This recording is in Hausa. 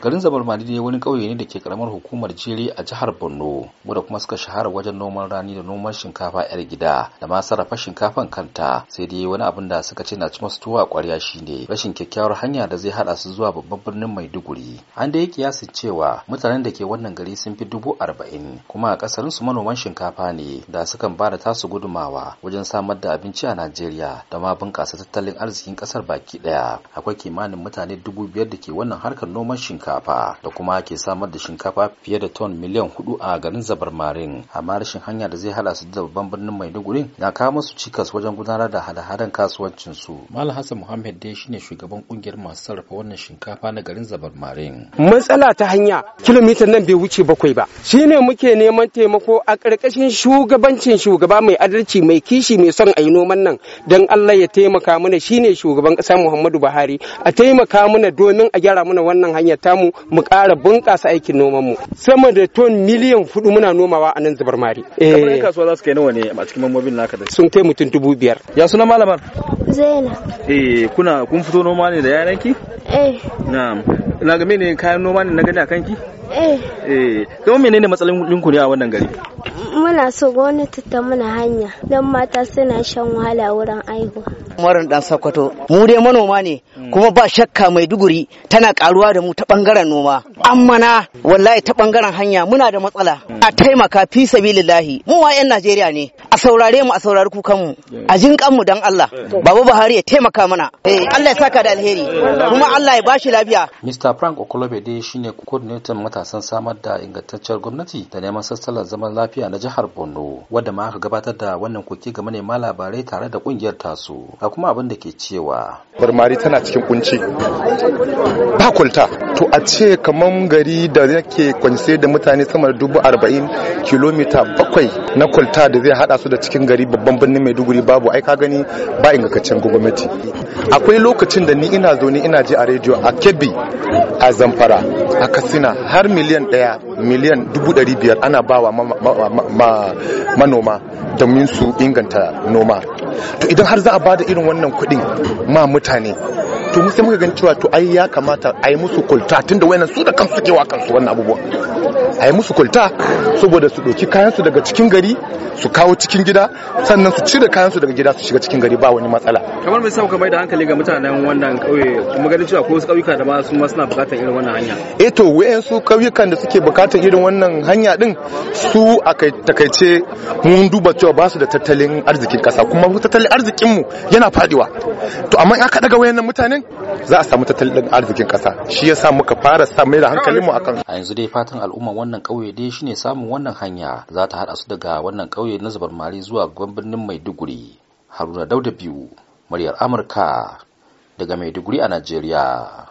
garin zabar dai wani ƙauye ne da ke karamar hukumar jere a jihar borno wanda kuma suka shahara wajen noman rani da noman shinkafa yar gida da ma sarrafa shinkafan kanta sai dai wani abin da suka ce na ci masu tuwa ƙwarya shine rashin kyakkyawar hanya da zai hada su zuwa babban birnin maiduguri an da ya kiyasi cewa mutanen da ke wannan gari sun fi dubu arba'in kuma a ƙasarin su manoman shinkafa ne da sukan ba da tasu gudumawa wajen samar da abinci a najeriya da ma bunƙasa tattalin arzikin ƙasar baki ɗaya akwai kimanin mutane dubu biyar da ke wannan harkar noman shinkafa shinkafa da kuma ke samar da shinkafa fiye da ton miliyan hudu a garin zabarmarin amma rashin hanya da zai hada su da babban birnin maiduguri na kawo musu cikas wajen gudanar da hada-hadan kasuwancin su malam hassan muhammad dai shine shugaban kungiyar masu sarrafa wannan shinkafa na garin zabar zabarmarin matsala ta hanya kilomita nan bai wuce bakwai ba shine muke neman taimako a ƙarƙashin shugabancin shugaba mai adalci mai kishi mai son a yi noman nan don allah ya taimaka mana shine shugaban ƙasa muhammadu buhari a taimaka mana domin a gyara mana wannan hanya ta mu mu ƙara bunƙasa aikin noman mu sama da ton miliyan hudu muna nomawa a nan zubar mari eh. kasuwa za ne a cikin mambobin naka da sun kai mutum dubu biyar ya suna malamar eh kuna kun fito noma ne da yaranki eh na ga mene kayan noma ne na gani a kanki Eh. Kuma eh, menene matsalolin ku ne a wannan gari? Muna so gwamnati ta muna hanya don mata suna shan wahala wurin aihu. marin dan sakwato, Mu dai manoma ne hmm. kuma ba shakka mai duguri tana karuwa da mu ta bangaren noma. Amma na, wallahi ta bangaren hanya muna da matsala. Hmm. A taimaka fi sabilillahi. Mu wa 'yan Najeriya ne. saurare mu a saurari kukanmu a jin kanmu don Allah eh. baba Buhari ya taimaka mana eh, eh. Allah ya saka da alheri kuma Allah ya bashi lafiya Mr Frank Okolobe dai shine coordinator matasan samar da ingantaccen gwamnati da neman sassalar zaman lafiya na jihar Borno wadda ma aka gabatar da wannan koke ga manema labarai tare da kungiyar tasu ga kuma abin da ke cewa Barmari tana cikin kunci ba kulta to a ce kamar gari da yake kwance da mutane sama da dubu arba'in kilomita bakwai na kulta da zai hada su da cikin gari babban birnin maiduguri babu ai ka gani ba ingantaccen gwamnati akwai lokacin da ni ina zo ni ina ji a rediyo a kebbi a zamfara a katsina har miliyan daya miliyan dubu dari biyar ana bawa manoma domin su inganta noma to idan har za a ba da irin wannan kuɗin ma mutane to mu sai muka gan cewa to ai ya kamata a yi musu kulta tunda wayannan su da kansu suke wa kansu wannan abubuwa a yi musu kulta saboda su doki kayansu daga cikin gari su kawo cikin gida sannan su cire kayansu daga gida su shiga cikin gari ba wani matsala kamar mai sauka mai da hankali ga mutanen wannan kauye kuma ganin cewa ko wasu kauyuka da ma su ma suna buƙatar irin wannan hanya eh to su kauyukan da suke bukatar irin wannan hanya din su a takaice mun duba cewa ba su da tattalin arzikin ƙasa kuma tattalin arzikin mu yana faɗiwa to amma in aka daga wayannan mutanen za a samu tattalin arzikin ƙasa shi yasa muka fara sa mai da hankalin mu akan a yanzu dai fatan al'umman wannan kauye dai shine samun wannan hanya za ta haɗa su daga wannan ƙauye na zubar mari zuwa gwamnan Maiduguri Haruna Dauda biyu muryar Amurka daga Maiduguri a Najeriya